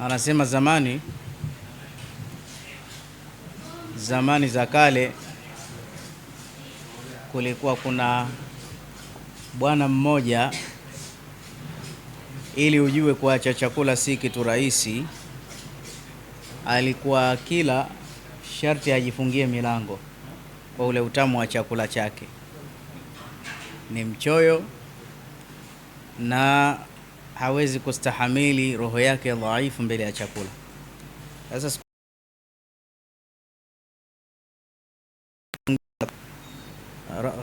Anasema zamani, zamani za kale kulikuwa kuna bwana mmoja, ili ujue kuacha chakula si kitu rahisi. Alikuwa kila sharti ajifungie milango kwa ule utamu wa chakula chake, ni mchoyo na hawezi kustahamili roho yake dhaifu mbele ya chakula. Sasa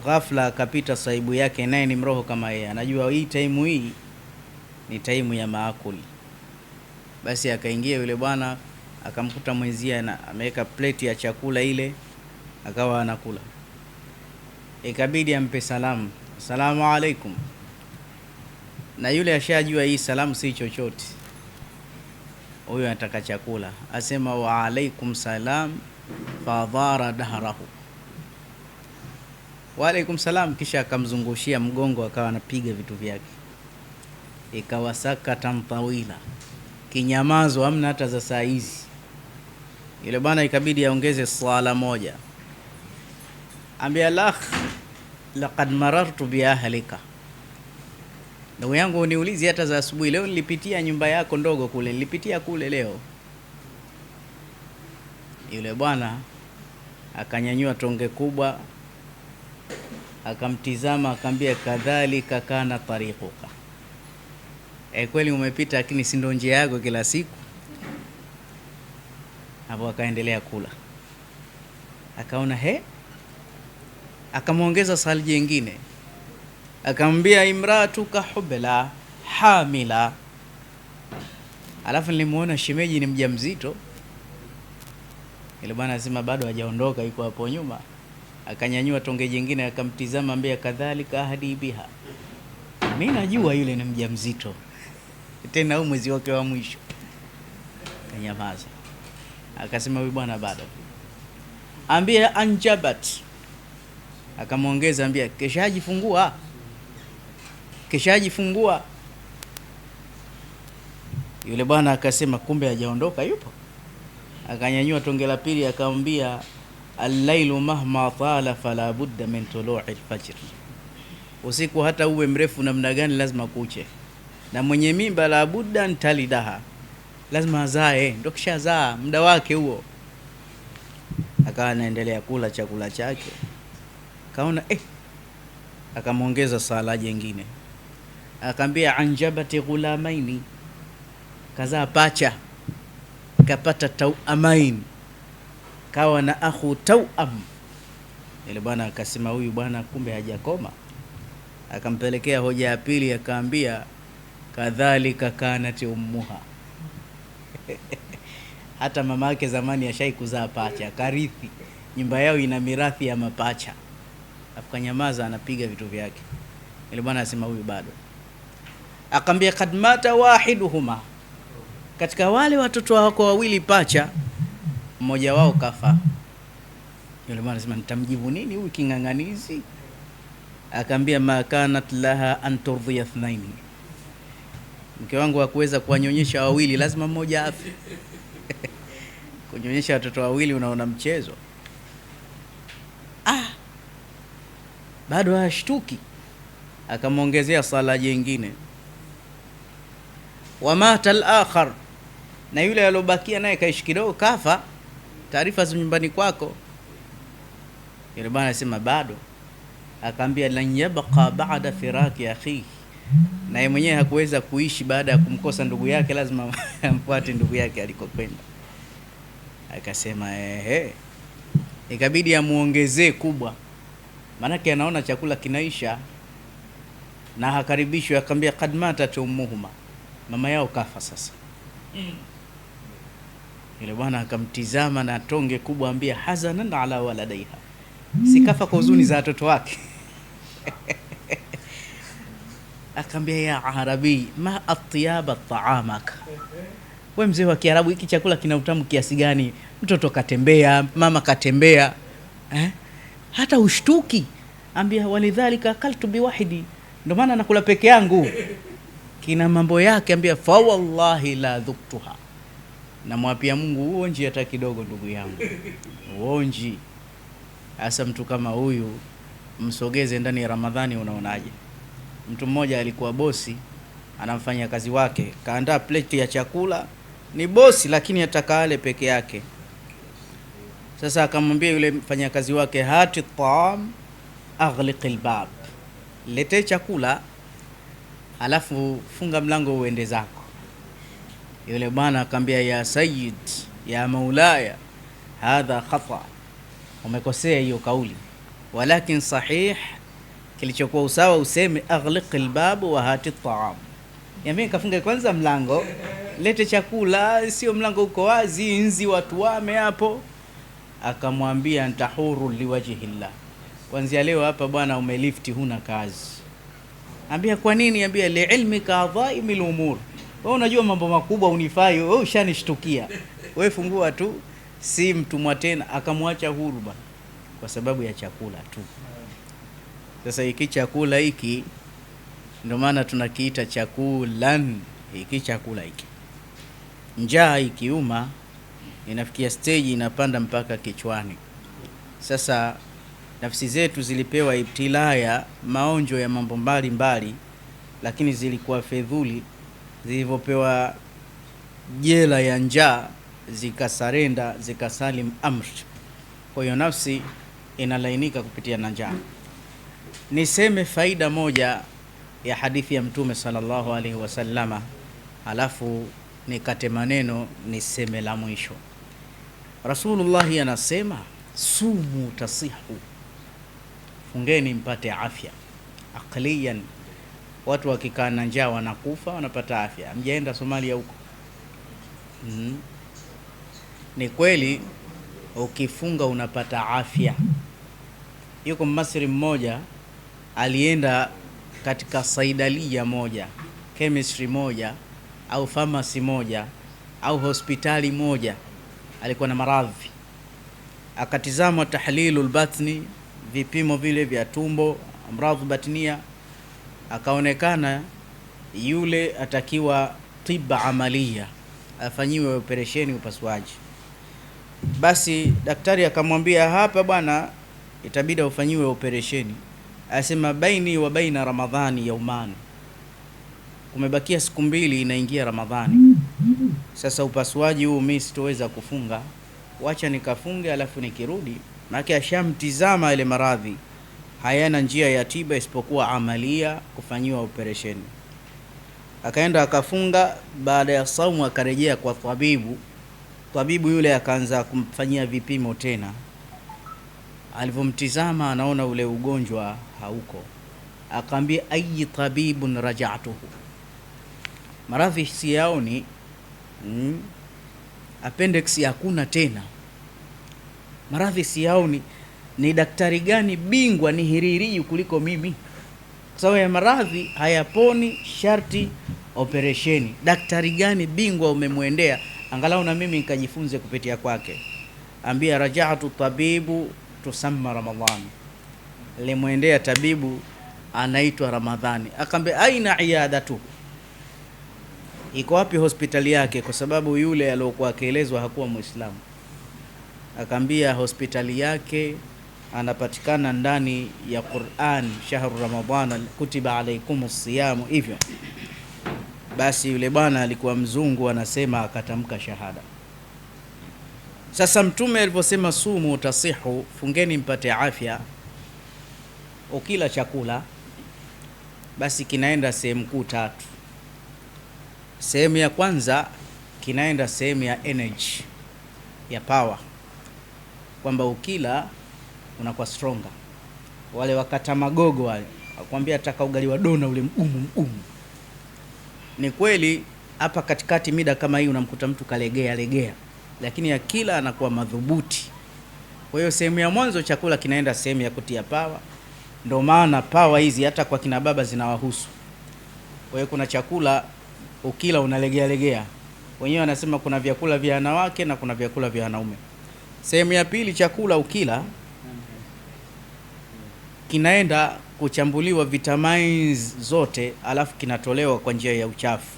ghafla akapita sahibu yake, naye ni mroho kama yeye, anajua hii taimu hii ni taimu ya maakuli. Basi akaingia yule bwana akamkuta mwenzie na ameweka pleti ya chakula ile, akawa anakula. Ikabidi ampe salamu, asalamu alaikum na yule ashajua hii salamu si chochote, huyo anataka chakula, asema wa alaikum salam fadhara dahrahu wa alaikum salam, kisha akamzungushia mgongo, akawa anapiga vitu vyake, ikawa sakatan tawila, kinyamazo amna hata za saa hizi. Yule bwana ikabidi aongeze swala moja, ambia lakh laqad marartu biahlika Ndugu yangu uniulizi hata za asubuhi. Leo nilipitia nyumba yako ndogo kule, nilipitia kule leo. Yule bwana akanyanyua tonge kubwa, akamtizama, akamwambia kadhalika kana tarikuka. E, kweli umepita, lakini si ndo njia yako kila siku? Hapo akaendelea kula, akaona he, akamwongeza sali jingine akamwambia imratuka hubla hamila. Alafu nilimuona shemeji ni mjamzito, ile bwana sema bado hajaondoka, iko hapo nyuma. Akanyanyua tonge jingine akamtizama, ambia kadhalika ahdi biha, mimi najua yule ni mjamzito tena huu mwezi wake wa mwisho. Kanyamaza akasema, huyu bwana bado ambia anjabat, akamwongeza ambia keshajifungua kishajifungua. Yule bwana akasema kumbe hajaondoka yupo. Akanyanyua tonge la pili akamwambia, allailu mahma tala fala budda min tului lfajri, usiku hata uwe mrefu namna gani lazima kuche, na mwenye mimba la budda ntalidaha, lazima azae, ndo kishazaa muda wake huo. Akawa anaendelea kula chakula chake, kaona eh, akamwongeza sala jengine akaambia anjabati ghulamaini, kazaa pacha kapata tauamain, kawa na akhu tauam. Ile bwana akasema huyu bwana kumbe hajakoma. Akampelekea hoja ya pili, akaambia kadhalika kanati ummuha hata mama yake zamani ashai kuzaa pacha, karithi nyumba yao ina mirathi ya mapacha. Afukanyamaza, anapiga vitu vyake. Ile bwana asema huyu bado Akaambia kad mata wahiduhuma, katika wale watoto wako wawili pacha mmoja wao kafa. Yule mwana anasema nitamjibu nini huyu king'ang'anizi? Akaambia ma kanat laha an turdhiya ithnaini, mke wangu hakuweza kuwanyonyesha wawili, lazima mmoja afi. kunyonyesha watoto wawili, unaona mchezo? Ah, bado hashtuki. Akamwongezea sala jingine wa mata al-akhar, na yule aliobakia naye kaishi kidogo kafa, taarifa za nyumbani kwako. Yule bwana alisema bado, akaambia lan yabqa ba'da firaki akhihi, naye mwenyewe hakuweza kuishi baada ya kumkosa ndugu yake, lazima amfuate ndugu yake alikokwenda. Akasema ehe, ikabidi amuongezee kubwa, maanake anaona chakula kinaisha na hakaribishwa. Akaambia kad matat ummuhuma mama yao kafa sasa mm. Yule bwana akamtizama na tonge kubwa, ambia hazanan ala waladaiha, sikafa kwa huzuni za watoto wake akaambia ya arabi ma atyaba taamak we mzee wa Kiarabu, hiki chakula kina utamu kiasi gani? Mtoto katembea, mama katembea eh? hata ushtuki. Ambia walidhalika akaltu biwahidi, ndio maana nakula peke yangu kina mambo yake, ambia fa wallahi la dhuktuha, namwapia Mungu uonji hata kidogo, ndugu yangu uonji. Hasa mtu kama huyu msogeze ndani ya Ramadhani, unaonaje? Mtu mmoja alikuwa bosi anamfanya kazi wake, kaandaa plate ya chakula, ni bosi lakini ataka ale peke yake. Sasa akamwambia yule mfanyakazi wake, hati taam aghliq albab, lete chakula alafu funga mlango uende zako. Yule bwana akamwambia, ya sayyid, ya maulaya, hadha khata, umekosea hiyo kauli, walakin sahih, kilichokuwa usawa useme aghliq albab wa hati taam, yambi kafunga kwanza mlango, lete chakula, sio mlango uko wazi, nzi watu wame hapo. Akamwambia, ntahuru liwajhi llah, kwanzia leo hapa bwana umelifti, huna kazi Ambia kwa nini? Ambia liilmika adhaimil umur, wewe unajua mambo makubwa unifai wewe, ushanishtukia wewe, fungua tu, si mtumwa tena. Akamwacha huruba kwa sababu ya chakula tu. Sasa hiki chakula hiki ndio maana tunakiita chakulan, hiki chakula hiki. Njaa ikiuma inafikia stage inapanda mpaka kichwani. Sasa Nafsi zetu zilipewa ibtilaya, maonjo ya mambo mbalimbali mbali, lakini zilikuwa fedhuli zilivyopewa jela ya njaa zikasarenda zikasalim amri. Kwa hiyo nafsi inalainika kupitia na njaa. Niseme faida moja ya hadithi ya Mtume salllahu alaihi wasalama alafu nikate maneno niseme la mwisho. Rasulullahi anasema sumu tasihu fungeni mpate afya akliyan. Watu wakikaa na njaa wanakufa, wanapata afya. Amjaenda Somalia huko? Mm. Ni kweli ukifunga unapata afya. Yuko masri mmoja alienda katika saidalia moja, chemistry moja au famasi moja au hospitali moja, alikuwa na maradhi, akatizama tahlilul batni vipimo vile vya tumbo, amradhu batnia, akaonekana yule atakiwa tiba amalia, afanyiwe operesheni, upasuaji. Basi daktari akamwambia, hapa bwana, itabidi ufanyiwe operesheni. Asema baini wa baina Ramadhani umani, kumebakia siku mbili, inaingia Ramadhani. Sasa upasuaji huu mimi sitoweza kufunga, wacha nikafunge, alafu nikirudi maanake ashamtizama ile maradhi hayana njia ya tiba isipokuwa amalia, kufanyiwa operesheni. Akaenda akafunga, baada ya saumu akarejea kwa tabibu. Tabibu yule akaanza kumfanyia vipimo tena, alivyomtizama anaona ule ugonjwa hauko, akaambia ayi tabibun rajatuhu, maradhi siyaoni, mm, appendix hakuna tena maradhi siyaoni ni daktari gani bingwa ni hiririu kuliko mimi, kwa sababu ya maradhi hayaponi, sharti operesheni. Daktari gani bingwa umemwendea? Angalau na mimi nikajifunze kupitia kwake. Ambia rajatu tabibu tusamma Ramadhani, limwendea tabibu anaitwa Ramadhani. Akambe aina iadatu, iko wapi hospitali yake? Kwa sababu yule aliyokuwa akielezwa hakuwa Muislamu akaambia hospitali yake anapatikana ndani ya Qur'an, shahru ramadan kutiba alaikumus siyamu. Hivyo basi, yule bwana alikuwa mzungu, anasema akatamka shahada. Sasa Mtume aliposema sumu utasihu fungeni mpate afya, ukila chakula basi kinaenda sehemu kuu tatu. Sehemu ya kwanza kinaenda sehemu ya energy ya power kwamba ukila unakuwa stronger. Wale wakata magogo wale wakwambia ataka ugali wa dona ule mgumu mgumu. Ni kweli hapa katikati mida kama hii unamkuta mtu kalegea legea, lakini akila anakuwa madhubuti. Kwa hiyo sehemu ya mwanzo chakula kinaenda sehemu ya kutia pawa. Ndio maana pawa hizi hata kwa kina baba zinawahusu. Kwa hiyo kuna chakula ukila unalegea legea, wenyewe wanasema kuna vyakula vya wanawake na kuna vyakula vya wanaume. Sehemu ya pili, chakula ukila kinaenda kuchambuliwa vitamins zote, alafu kinatolewa kwa njia ya uchafu.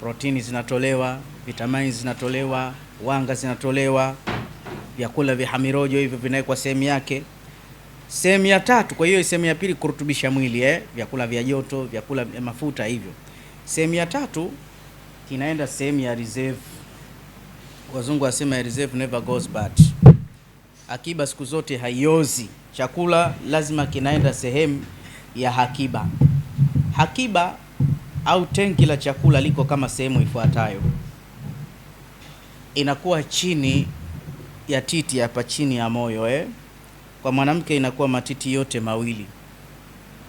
Protini zinatolewa, vitamins zinatolewa, wanga zinatolewa, vyakula vya hamirojo hivyo vinawekwa sehemu yake. Sehemu ya tatu, kwa hiyo sehemu ya pili kurutubisha mwili eh, vyakula vya joto, vyakula vya mafuta hivyo. Sehemu ya tatu kinaenda sehemu ya reserve wazungu wasema reserve never goes bad. Akiba siku zote haiozi, chakula lazima kinaenda sehemu ya hakiba. Hakiba au tenki la chakula liko kama sehemu ifuatayo, inakuwa chini ya titi hapa chini ya moyo eh. Kwa mwanamke inakuwa matiti yote mawili.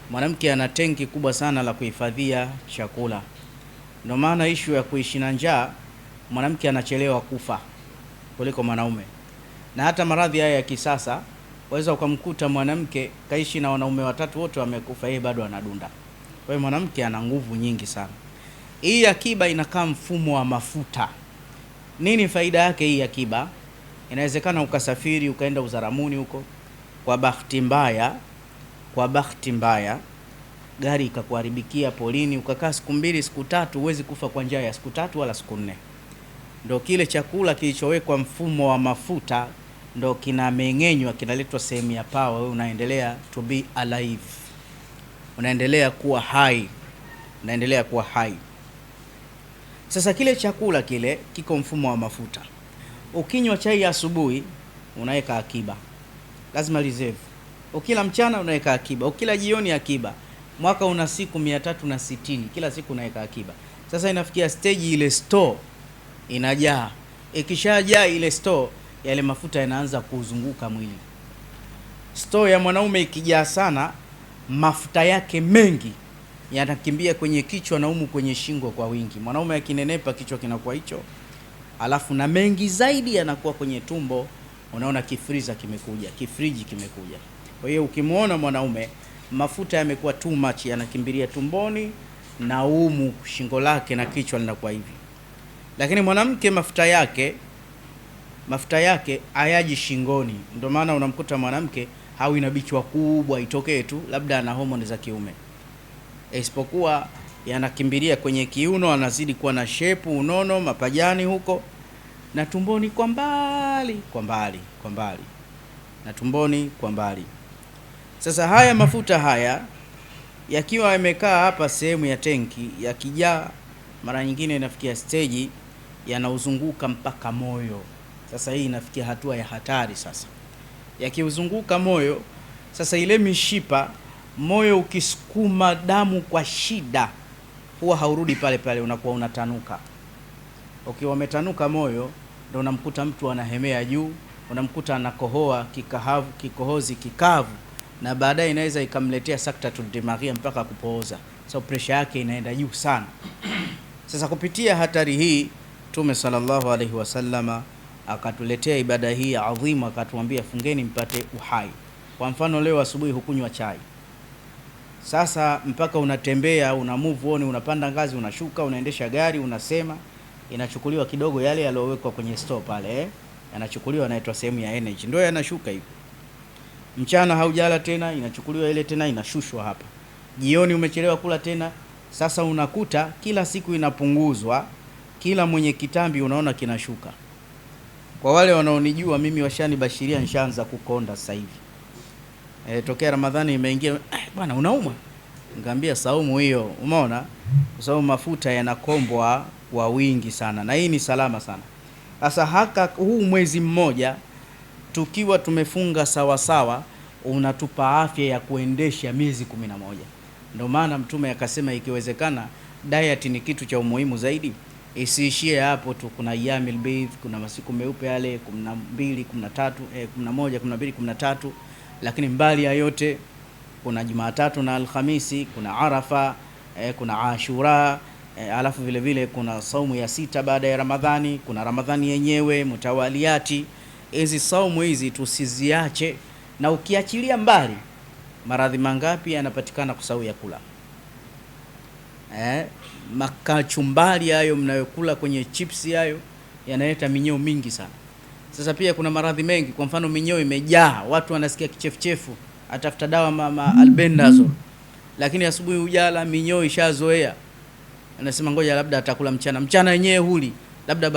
Mwanamke ana tenki kubwa sana la kuhifadhia chakula, ndio maana ishu ya kuishi na njaa mwanamke anachelewa kufa kuliko mwanaume. Na hata maradhi haya ya kisasa waweza ukamkuta mwanamke kaishi na wanaume watatu wote wamekufa, yeye bado anadunda. Kwa hiyo mwanamke ana nguvu nyingi sana. Hii akiba inakaa mfumo wa mafuta. Nini faida yake hii akiba? Inawezekana ukasafiri ukaenda Uzaramuni huko, kwa bahati mbaya, kwa bahati mbaya gari ikakuharibikia polini, ukakaa siku mbili siku tatu, huwezi kufa kwa njia ya siku tatu wala siku nne ndo kile chakula kilichowekwa mfumo wa mafuta ndo kinameng'enywa, kinaletwa sehemu ya pawa. Wewe unaendelea to be alive, unaendelea kuwa hai, unaendelea kuwa hai. Sasa kile chakula kile kiko mfumo wa mafuta. Ukinywa chai asubuhi, unaweka akiba, lazima reserve. Ukila mchana, unaweka akiba. Ukila jioni, akiba. Mwaka una siku mia tatu na sitini, kila siku unaweka akiba. Sasa inafikia stage ile store inajaa. Ikishajaa ile store, yale mafuta yanaanza kuzunguka mwili. Store ya mwanaume ikijaa sana, mafuta yake mengi yanakimbia kwenye kichwa na umu kwenye shingo kwa wingi. Mwanaume akinenepa, kichwa kinakuwa hicho, alafu na mengi zaidi yanakuwa kwenye tumbo. Unaona kifriza kimekuja, kifriji kimekuja. Kwa hiyo ukimwona mwanaume mafuta yamekuwa too much, yanakimbilia tumboni na umu, shingo lake na kichwa linakuwa hivi. Lakini mwanamke mafuta yake mafuta yake hayaji shingoni, ndio maana unamkuta mwanamke hawi na bichwa kubwa itokee tu, labda ana homoni za kiume, isipokuwa yanakimbilia kwenye kiuno, anazidi kuwa na shepu, unono, mapajani huko na tumboni kwa mbali kwa mbali kwa mbali na tumboni kwa mbali. Sasa haya mafuta haya yakiwa yamekaa hapa sehemu ya tenki, yakijaa mara nyingine inafikia steji yanauzunguka mpaka moyo. Sasa hii inafikia hatua ya hatari. Sasa yakiuzunguka moyo, sasa ile mishipa, moyo ukisukuma damu kwa shida, huwa haurudi pale pale, unakuwa unatanuka. Ukiwa umetanuka moyo, ndio unamkuta mtu anahemea juu, unamkuta anakohoa kikahavu, kikohozi kikavu, na baadaye inaweza ikamletea sakta tudimaria mpaka kupooza, sababu so presha yake inaenda juu sana. Sasa kupitia hatari hii Mtume sallallahu alaihi wasallama akatuletea ibada hii adhimu, akatuambia fungeni mpate uhai. Kwa mfano leo asubuhi hukunywa chai, sasa mpaka unatembea una move on, unapanda ngazi, unashuka, unaendesha gari, unasema, inachukuliwa kidogo yale yaliyowekwa kwenye store pale eh? yanachukuliwa yanaitwa sehemu ya energy, ndio yanashuka hivyo. Mchana haujala tena, inachukuliwa ile tena inashushwa hapa. Jioni umechelewa kula tena, sasa unakuta kila siku inapunguzwa kila mwenye kitambi unaona kinashuka. Kwa wale wanaonijua mimi, washanibashiria nshaanza kukonda sasa hivi. E, tokea Ramadhani imeingia, eh, bwana unauma, nikaambia saumu hiyo, umeona, kwa sababu mafuta yanakombwa kwa wingi sana, na hii ni salama sana. Sasa haka huu mwezi mmoja tukiwa tumefunga sawasawa, unatupa afya ya kuendesha miezi kumi na moja. Ndio maana Mtume akasema ikiwezekana diet ni kitu cha umuhimu zaidi isiishie hapo tu. Kuna yamil bidh, kuna masiku meupe yale 12, 13, 11, 12, 13, lakini mbali ya yote kuna Jumatatu na Alhamisi, kuna Arafa, eh, kuna Ashura eh, alafu vile vile kuna saumu ya sita baada ya Ramadhani, kuna Ramadhani yenyewe mutawaliati. Hizi saumu hizi tusiziache, na ukiachilia mbali maradhi mangapi yanapatikana kwa sababu ya kula eh, makachumbali hayo mnayokula kwenye chipsi hayo yanaleta minyoo mingi sana. Sasa pia kuna maradhi mengi, kwa mfano minyoo imejaa, watu wanasikia kichefuchefu, atafuta dawa mama albendazole, lakini asubuhi ujala, minyoo ishazoea, anasema ngoja labda atakula mchana. Mchana yenyewe huli labda